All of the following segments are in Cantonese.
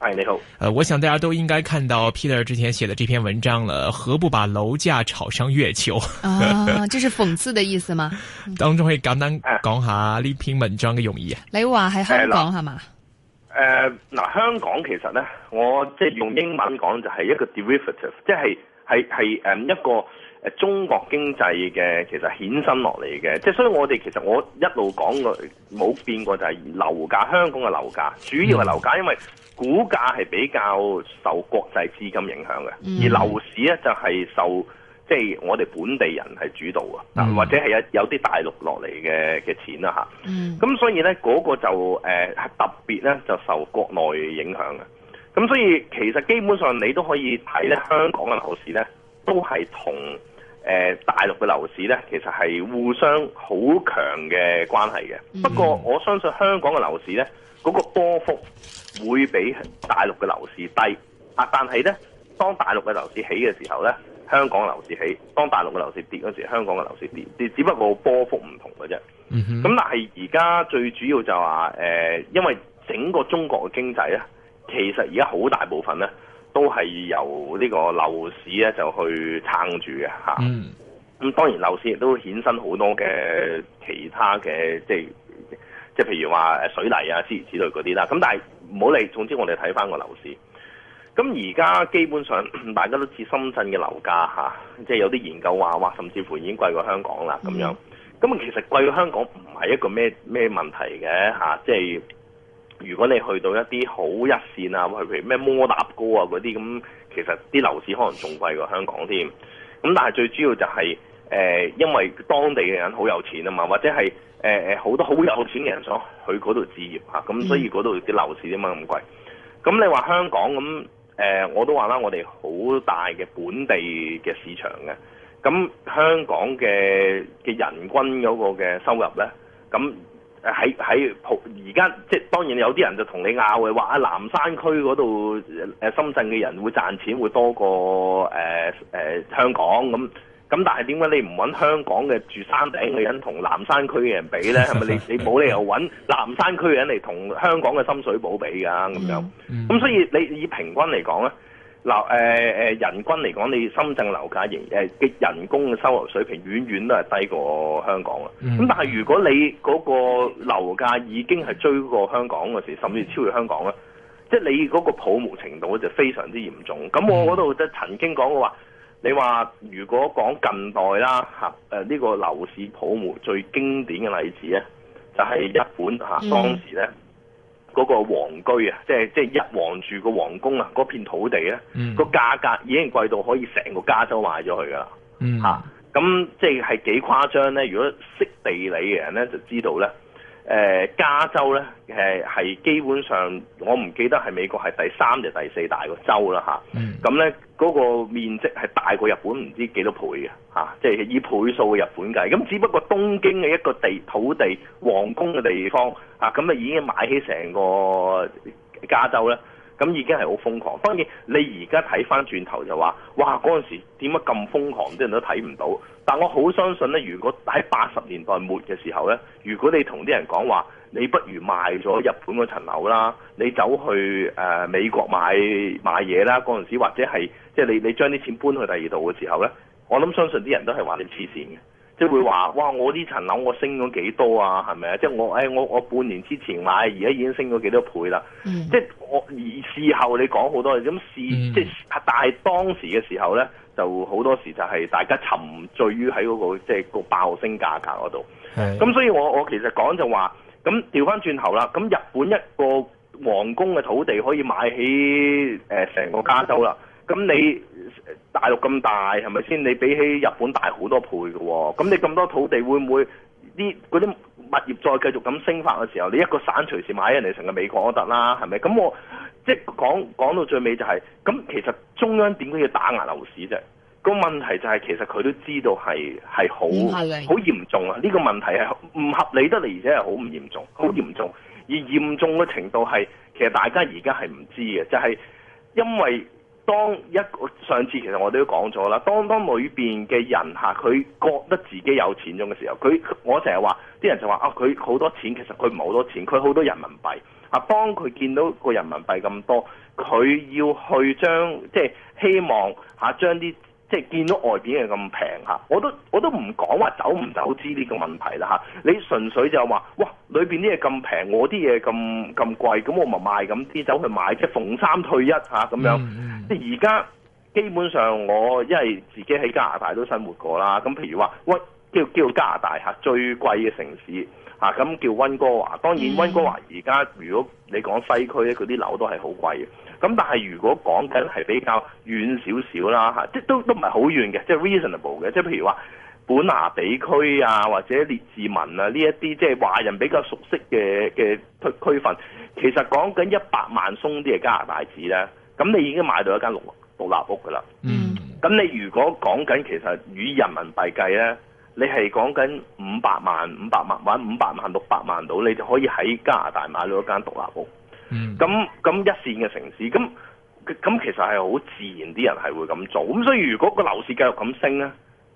誒，你好。誒、uh,，我想大家都應該看到 Peter 之前寫的這篇文章了，何不把樓價炒上月球？ 啊，這是諷刺的意思嗎？ 當中可以簡單講下呢篇文章嘅用意啊。Uh, 你話喺香港係嘛？誒、uh,，嗱、uh, 呃呃呃，香港其實咧，我即係用英文講就係一個 derivative，即係係係誒一個。中國經濟嘅其實衍生落嚟嘅，即係所以我哋其實我一路講過冇變過，過就係樓價，香港嘅樓價，主要係樓價，因為股價係比較受國際資金影響嘅、嗯，而樓市咧就係受即係、就是、我哋本地人係主導啊、嗯，或者係有有啲大陸落嚟嘅嘅錢啦，吓，咁所以咧嗰、那個就誒、呃、特別咧就受國內影響嘅。咁所以其實基本上你都可以睇咧香港嘅樓市咧。都係同誒大陸嘅樓市呢，其實係互相好強嘅關係嘅。不過我相信香港嘅樓市呢，嗰、那個波幅會比大陸嘅樓市低。啊，但係呢，當大陸嘅樓市起嘅時候呢，香港樓市起；當大陸嘅樓市跌嗰時候，香港嘅樓市跌。只不過波幅唔同嘅啫。咁、mm -hmm. 但係而家最主要就話、是、誒、呃，因為整個中國嘅經濟呢，其實而家好大部分呢。都係由呢個樓市咧就去撐住嘅吓，咁、嗯、當然樓市亦都衍生好多嘅其他嘅，即係即係譬如話誒水泥啊之類嗰啲啦。咁但係唔好理，總之我哋睇翻個樓市。咁而家基本上大家都知深圳嘅樓價吓，即係有啲研究話哇，甚至乎已經貴過香港啦，咁樣。咁其實貴過香港唔係一個咩咩問題嘅吓，即係。如果你去到一啲好一線啊，譬如咩摩納哥啊嗰啲咁，其實啲樓市可能仲貴過香港添。咁但係最主要就係、是、誒、呃，因為當地嘅人好有錢啊嘛，或者係誒誒好多好有錢嘅人想去嗰度置業嚇，咁、啊、所以嗰度啲樓市點解咁貴。咁你話香港咁誒、呃，我都話啦，我哋好大嘅本地嘅市場嘅。咁香港嘅嘅人均嗰個嘅收入咧，咁。喺喺而家，即係當然有啲人就同你拗嘅，話啊南山區嗰度誒深圳嘅人會賺錢會多過誒誒、呃呃、香港咁，咁但係點解你唔揾香港嘅住山頂嘅人同南山區嘅人比咧？係 咪你你冇理由揾南山區嘅人嚟同香港嘅深水埗比㗎？咁樣咁、嗯嗯、所以你，你以平均嚟講咧。嗱，誒誒，人均嚟講，你深圳樓價仍誒嘅人工嘅收入水平，遠遠都係低過香港啊。咁、嗯、但係如果你嗰個樓價已經係追過香港嘅時，甚至超越香港咧、嗯，即係你嗰個泡沫程度就非常之嚴重。咁我嗰度就曾經講過話，你話如果講近代啦，嚇誒呢個樓市泡沫最經典嘅例子咧，就係、是、日本嚇、啊、當時咧。嗯嗰、那個皇居啊，即係即係一皇住個皇宮啊，嗰片土地咧，個、嗯、價格已經貴到可以成個加州賣咗佢噶啦，吓、嗯、咁、啊、即係幾誇張咧？如果識地理嘅人咧，就知道咧。誒、呃、加州咧，誒、呃、係基本上我唔記得係美國係第三定第四大個州啦，吓，咁咧嗰個面積係大過日本唔知幾多倍嘅、啊、即係以倍數嘅日本計，咁只不過東京嘅一個地土地皇宮嘅地方啊，咁啊已經買起成個加州咧。咁已經係好瘋狂，當然你而家睇翻轉頭就話，哇，嗰陣時點解咁瘋狂，啲人都睇唔到。但我好相信呢如果喺八十年代末嘅時候呢，如果你同啲人講話，你不如賣咗日本嗰層樓啦，你走去、呃、美國買買嘢啦，嗰陣時或者係即係你你將啲錢搬去第二度嘅時候呢，我諗相信啲人都係話你黐線嘅。即會話，哇！我呢層樓我升咗幾多啊？係咪啊？即我，誒、哎、我我半年之前買，而家已經升咗幾多倍啦？嗯，即我而事後你講好多嘢，咁事即但係當時嘅時候咧，就好多時就係大家沉醉於喺嗰、那個即、就是、個爆升價格嗰度。係，咁所以我我其實講就話，咁調翻轉頭啦，咁日本一個皇宮嘅土地可以買起誒成、呃、個加州啦。咁你大陸咁大係咪先？你比起日本大好多倍嘅喎、哦，咁你咁多土地會唔會啲嗰啲物業再繼續咁升發嘅時候，你一個省隨時買人哋成個美國都得啦，係咪？咁我即係講,講到最尾就係、是，咁其實中央點解要打壓樓市啫。那個問題就係、是、其實佢都知道係係好好嚴重啊。呢、這個問題係唔合理得嚟，而且係好唔嚴重，好嚴重、嗯。而嚴重嘅程度係其實大家而家係唔知嘅，就係、是、因為。當一上次其實我哋都講咗啦，當當裏邊嘅人嚇佢、啊、覺得自己有錢用嘅時候，佢我成日話啲人就話啊，佢好多錢其實佢唔係好多錢，佢好多，多人民幣啊，當佢見到個人民幣咁多，佢要去將即係、就是、希望嚇、啊、將啲。即係見到外邊嘅咁平嚇，我都我都唔講話走唔走資呢個問題啦嚇。你純粹就話哇，裏邊啲嘢咁平，我啲嘢咁咁貴，咁我咪賣咁啲走去買，即係逢三退一嚇咁樣。即係而家基本上我因為自己喺加拿大都生活過啦。咁譬如話喂，叫叫加拿大嚇最貴嘅城市嚇，咁叫温哥華。當然温哥華而家、mm -hmm. 如果你講西區咧，佢啲樓都係好貴嘅。咁但係如果講緊係比較遠少少啦嚇，即係都都唔係好遠嘅，即係、就是、reasonable 嘅，即係譬如話本拿比區啊，或者列治文啊呢一啲即係華人比較熟悉嘅嘅區區份，其實講緊一百萬鬆啲嘅加拿大紙咧，咁你已經買到一間獨立屋㗎啦。嗯，咁你如果講緊其實與人民幣計咧，你係講緊五百萬、五百萬或者五百萬六百萬到，你就可以喺加拿大買到一間獨立屋。嗯、咁、咁一線嘅城市，咁咁其實係好自然，啲人係會咁做，咁所以如果個樓市繼續咁升咧，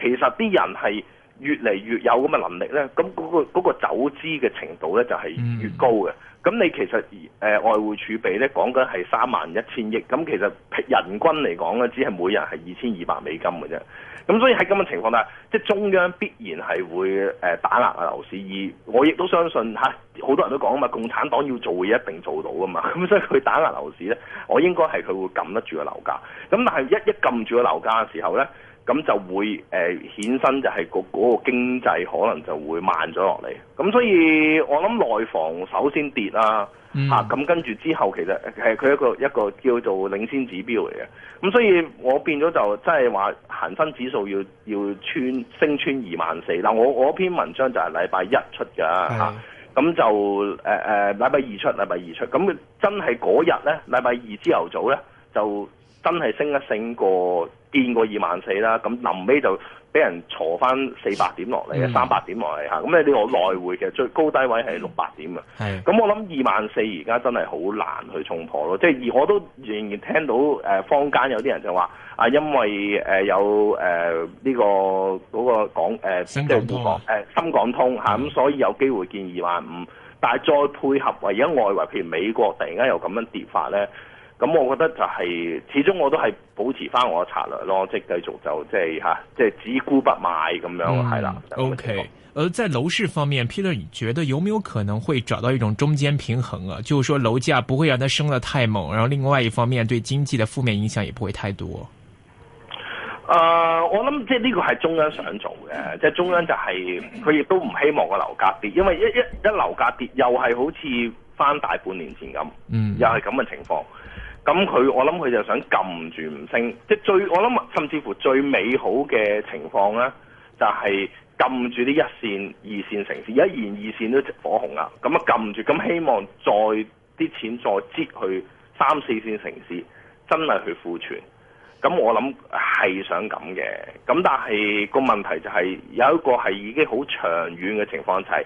其實啲人係。越嚟越有咁嘅能力呢，咁嗰、嗰個嗰個走資嘅程度呢，就係越高嘅。咁、嗯、你其實誒、呃、外匯儲備呢，講緊係三萬一千億，咁其實人均嚟講呢，只係每人係二千二百美金嘅啫。咁所以喺咁嘅情況下，即係中央必然係會誒、呃、打壓啊樓市。而我亦都相信嚇，好、啊、多人都講啊嘛，共產黨要做嘢一定做到㗎嘛。咁所以佢打壓樓市呢，我應該係佢會撳得住個樓價。咁但係一一撳住個樓價嘅時候呢。咁就會誒顯身，呃、就係個個個經濟可能就會慢咗落嚟。咁所以我諗內房首先跌啦，嚇、嗯、咁、啊、跟住之後其實係佢一個一個叫做領先指標嚟嘅。咁所以我變咗就真係話恆生指數要要穿升穿二萬四。嗱、啊，我我篇文章就係禮拜一出嘅嚇，咁、啊、就誒誒禮拜二出，禮拜二出。咁真係嗰日咧，禮拜二朝頭早咧就。真係升一升過見過二萬四啦，咁臨尾就俾人挫翻四百點落嚟，三百點落嚟嚇。咁你啲我內匯嘅最高低位係六百點啊。咁、mm -hmm. 我諗二萬四而家真係好難去衝破咯。即係我都仍然聽到誒、呃、坊間有啲人就話啊，因為誒、呃、有誒呢、呃呢個嗰、嗰個港、呃港啊、即、啊、深港通深港通嚇，咁所以有機會見二萬五。但係再配合而家外圍譬如，譬如美國突然間又咁樣跌法咧。咁、嗯、我覺得就係、是、始終我都係保持翻我嘅策略咯，即係繼續就、啊、即係即係只沽不賣咁樣係啦。嗯、o、okay. K，而在樓市方面，Peter，你覺得有冇有可能會找到一種中間平衡啊？就係說樓價不會讓它升得太猛，然後另外一方面對經濟的負面影響也不會太多。誒、呃，我諗即係呢個係中央想做嘅，即係中央就係佢亦都唔希望個樓價跌，因為一一一樓價跌又係好似翻大半年前咁，嗯，又係咁嘅情況。咁佢，我諗佢就想撳住唔升，即最我諗甚至乎最美好嘅情況呢，就係撳住啲一線、二線城市，而家連二線都火紅啊！咁啊撳住，咁希望再啲錢再擠去三四線城市，真係去庫存。咁我諗係想咁嘅，咁但係個問題就係有一個係已經好長遠嘅情況，就係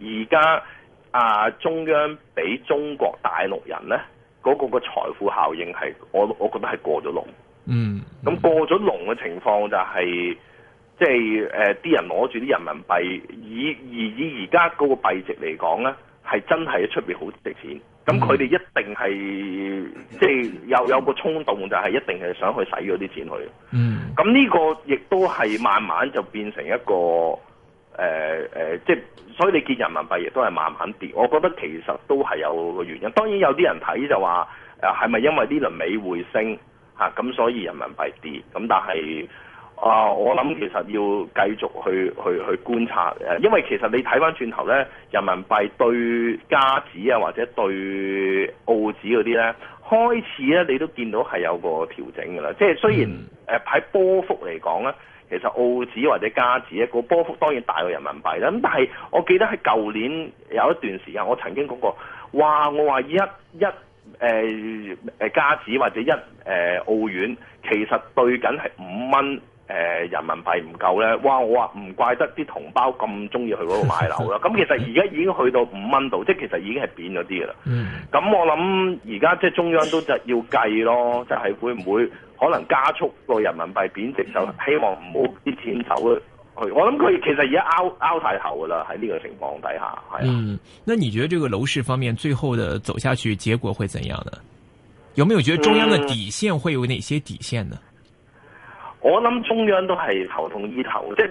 而家啊中央俾中國大陸人呢。嗰、那個個財富效應係，我我覺得係過咗龍。嗯，咁、嗯、過咗龍嘅情況就係、是，即係誒啲人攞住啲人民幣，以而以而家嗰個幣值嚟講咧，係真係喺出邊好值錢。咁佢哋一定係，即、嗯、係、就是、有有個衝動，就係一定係想去使咗啲錢去。嗯，咁呢個亦都係慢慢就變成一個。誒、呃、誒，即、呃、係所以你見人民幣亦都係慢慢跌，我覺得其實都係有個原因。當然有啲人睇就話，誒係咪因為呢輪美匯升嚇咁、啊，所以人民幣跌？咁但係啊，我諗其實要繼續去去去觀察誒、啊，因為其實你睇翻轉頭咧，人民幣對加指加紙啊或者對澳紙嗰啲咧，開始咧你都見到係有個調整㗎啦。即、就、係、是、雖然誒喺、嗯呃、波幅嚟講咧。其實澳紙或者加紙一個波幅當然大過人民幣啦，咁但係我記得喺舊年有一段時間，我曾經講過，哇！我話一一誒誒、呃、加紙或者一誒、呃、澳元，其實對緊係五蚊。誒、呃、人民幣唔夠咧，哇！我話唔怪得啲同胞咁中意去嗰度買樓啦。咁 其實而家已經去到五蚊度，即係其實已經係貶咗啲嘅啦。咁、嗯、我諗而家即係中央都就要計咯，就係、是、會唔會可能加速個人民幣貶值，就、嗯、希望唔好啲錢走去。我諗佢其實而家拗拗太頭嘅啦，喺呢個情況底下係啊。嗯，那你覺得這個樓市方面最後的走下去結果會怎樣呢？有沒有覺得中央的底線會有哪些底線呢？嗯嗯我諗中央都係頭痛醫頭，即係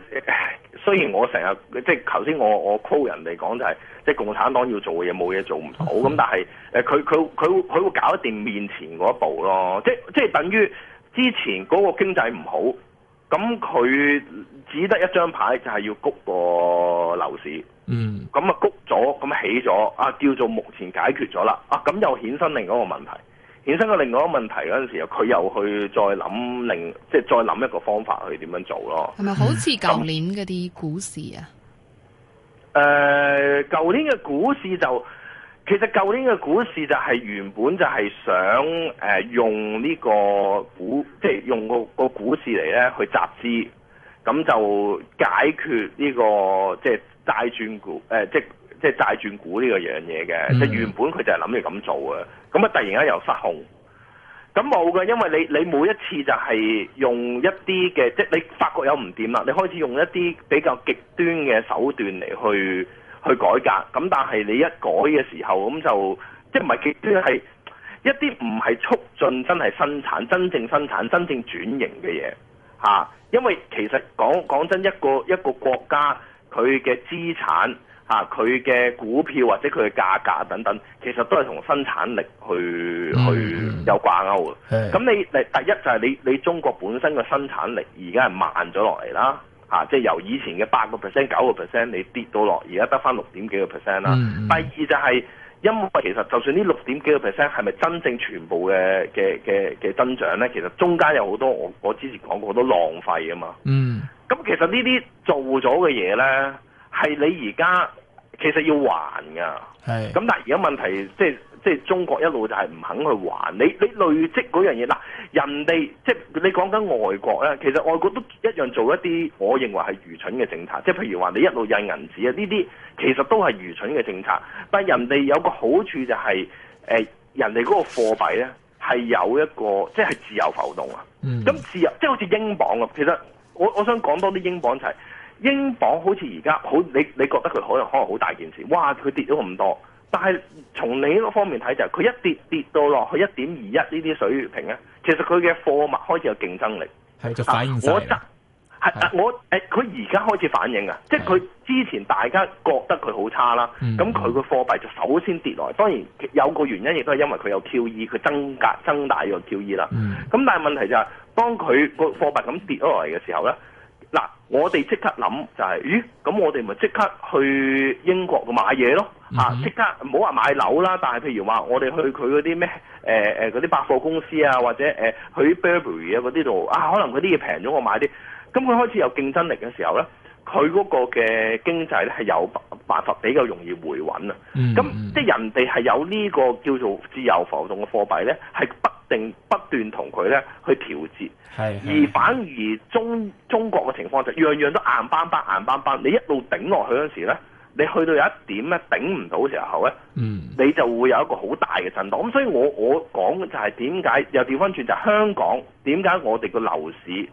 雖然我成日即係頭先我我 call 人哋講就係即係共產黨要做嘅嘢冇嘢做唔到，咁、嗯、但係誒佢佢佢佢會搞掂面前嗰一步咯，即即係等於之前嗰個經濟唔好，咁佢只得一張牌就係要谷個樓市，嗯，咁啊谷咗，咁起咗，啊叫做目前解決咗啦，啊咁又衍生另一個問題。衍生咗另外一個問題嗰陣時候，佢又去再諗另，即係再諗一個方法去點樣做咯。係咪好似舊年嗰啲股市啊？誒，呃，舊年嘅股市就其實舊年嘅股市就係原本就係想誒、呃、用呢個股，即係用個股市嚟咧去集資，咁就解決呢、呢個即係債轉股誒，即係。呃即即係債轉股呢個樣嘢嘅，即係原本佢就係諗住咁做嘅。咁啊突然間又失控，咁冇嘅，因為你你每一次就係用一啲嘅，即係你發覺有唔掂啦，你開始用一啲比較極端嘅手段嚟去去改革，咁但係你一改嘅時候，咁就即係唔係極端，係一啲唔係促進真係生產、真正生產、真正轉型嘅嘢嚇，因為其實講講真一個一個國家佢嘅資產。啊！佢嘅股票或者佢嘅價格等等，其實都係同生產力去、mm -hmm. 去有掛鈎嘅。咁、mm -hmm. 你第第一就係你你中國本身嘅生產力而家係慢咗落嚟啦。嚇、啊，即、就、係、是、由以前嘅八個 percent 九個 percent，你跌到落而家得返六點幾個 percent 啦。Mm -hmm. 第二就係、是、因為其實就算呢六點幾個 percent 係咪真正全部嘅嘅嘅嘅增長咧？其實中間有好多我我之前講過好多浪費啊嘛。嗯。咁其實這些做了的東西呢啲做咗嘅嘢咧，係你而家其實要還噶，係咁。但係而家問題即係即係中國一路就係唔肯去還你你累積嗰樣嘢嗱。人哋即係你講緊外國咧，其實外國都一樣做一啲我認為係愚蠢嘅政策，即係譬如話你一路印銀紙啊，呢啲其實都係愚蠢嘅政策。但係人哋有個好處就係誒，人哋嗰個貨幣咧係有一個即係自由浮動啊。咁、嗯、自由即係好似英鎊咁。其實我我想講多啲英鎊就係。英鎊好似而家好，你你覺得佢可能可能好大件事，哇！佢跌咗咁多，但係從你嗰方面睇就係、是，佢一跌跌到落去一點二一呢啲水平咧，其實佢嘅貨物開始有競爭力，係反映我則係啊，我誒佢而家開始反應啊，即係佢之前大家覺得佢好差啦，咁佢個貨幣就首先跌落嚟。嗯嗯當然有個原因亦都係因為佢有 QE，佢增加增大咗 QE 啦。咁、嗯、但係問題就係、是、當佢個貨幣咁跌落嚟嘅時候咧。嗱，我哋即刻諗就係，咦？咁我哋咪即刻去英國度買嘢咯，啊！即刻唔好話買樓啦，但係譬如話我哋去佢嗰啲咩誒誒嗰啲百貨公司啊，或者誒、呃、去 Burberry 啊嗰啲度，啊，可能嗰啲嘢平咗，我買啲。咁佢開始有競爭力嘅時候咧，佢嗰個嘅經濟咧係有辦法比較容易回穩啊。咁、嗯嗯嗯、即係人哋係有呢個叫做自由浮動嘅貨幣咧，係不定不斷同佢咧去調節，而反而中中國嘅情況就樣、是、樣都硬邦邦、硬邦邦。你一路頂落去嗰時咧，你去到有一點咧頂唔到嘅時候咧，嗯，你就會有一個好大嘅震盪。咁、嗯、所以我我講就係點解，又調翻轉就香港，點解我哋個樓市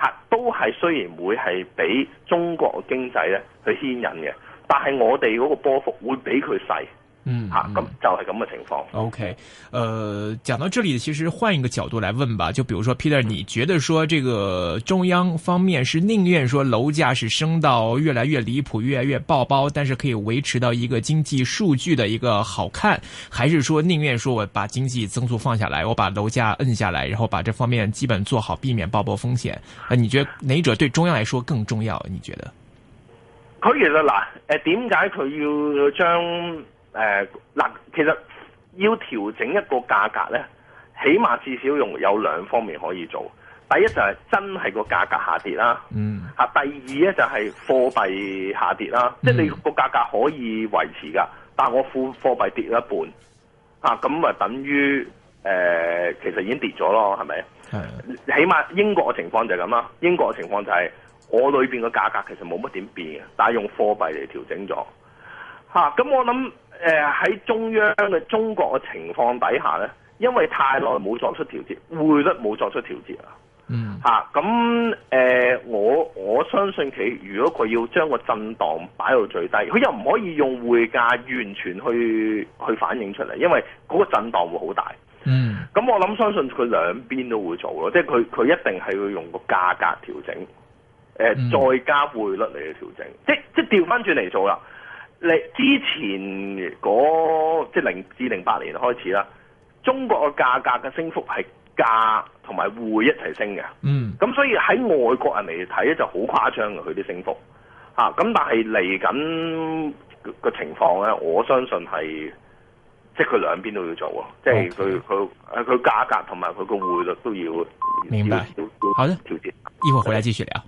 嚇都係雖然會係俾中國嘅經濟咧去牽引嘅，但係我哋嗰個波幅會比佢細。啊、嗯吓，咁、嗯啊、就係咁嘅情況。OK，呃，講到這裏，其實換一個角度來問吧，就比如說 Peter，你覺得說，這個中央方面是寧願說樓價是升到越來越離譜、越來越爆煲，但是可以維持到一個經濟數據的一個好看，還是說寧願說我把經濟增速放下來，我把樓價摁下來，然後把這方面基本做好，避免爆煲風險？啊，你覺得哪一者對中央來說更重要？你覺得？佢其實嗱，誒、呃，點解佢要將？誒，嗱，其實要調整一個價格咧，起碼至少用有兩方面可以做。第一就係真係個價格下跌啦，嗯，吓第二咧就係貨幣下跌啦，嗯、即係你個價格可以維持噶，但係我副貨幣跌咗一半，啊，咁咪等於誒、呃，其實已經跌咗咯，係咪？係，起碼英國嘅情況就係咁啦。英國嘅情況就係我裏邊個價格其實冇乜點變嘅，但係用貨幣嚟調整咗。咁、啊、我諗誒，喺、呃、中央嘅中國嘅情況底下咧，因為太耐冇作出調節，匯率冇作出調節嗯、啊。吓咁誒，我我相信佢如果佢要將個震盪擺到最低，佢又唔可以用匯價完全去去反映出嚟，因為嗰個震盪會好大。嗯、啊。咁我諗相信佢兩邊都會做咯，即係佢佢一定係要用個價格調整，誒、呃，嗯、再加匯率嚟去調整，即即調翻轉嚟做啦。之前嗰即係零至零八年開始啦，中國嘅價格嘅升幅係價同埋匯一齊升嘅。嗯，咁所以喺外國人嚟睇咧就好誇張嘅佢啲升幅。吓、啊，咁但係嚟緊個情況咧，我相信係即係佢兩邊都要做啊，okay. 即係佢佢誒佢價格同埋佢個匯率都要。明白，挑好啦，一會回來繼續聊。